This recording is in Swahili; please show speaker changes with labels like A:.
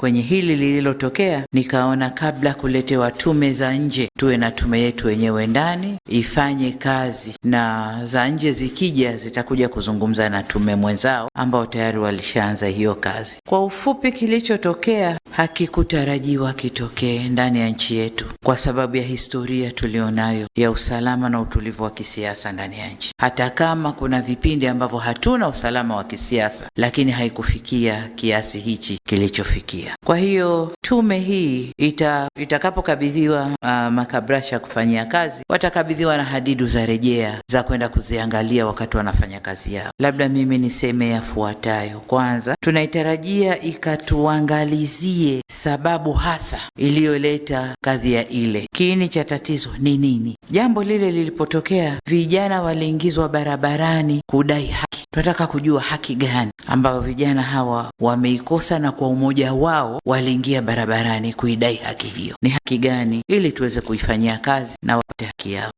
A: Kwenye hili lililotokea, nikaona kabla kuletewa tume za nje, tuwe na tume yetu wenyewe ndani ifanye kazi, na za nje zikija zitakuja kuzungumza na tume mwenzao ambao tayari walishaanza hiyo kazi. Kwa ufupi, kilichotokea hakikutarajiwa kitokee ndani ya nchi yetu kwa sababu ya historia tulionayo ya usalama na utulivu wa kisiasa ndani ya nchi. Hata kama kuna vipindi ambavyo hatuna usalama wa kisiasa, lakini haikufikia kiasi hichi kilichofikia. Kwa hiyo tume hii ita, itakapokabidhiwa uh, makabrasha kufanyia kazi, watakabidhiwa na hadidu za rejea za kwenda kuziangalia wakati wanafanya kazi yao. Labda mimi niseme yafuatayo. Kwanza, tunaitarajia ikatuangalizie sababu hasa iliyoleta kadhia ile, kiini cha tatizo ni nini. Jambo lile lilipotokea, vijana waliingizwa barabarani kudai tunataka kujua haki gani ambayo vijana hawa wameikosa na kwa umoja wao waliingia barabarani kuidai haki hiyo. Ni haki gani, ili tuweze kuifanyia kazi na wapate haki yao.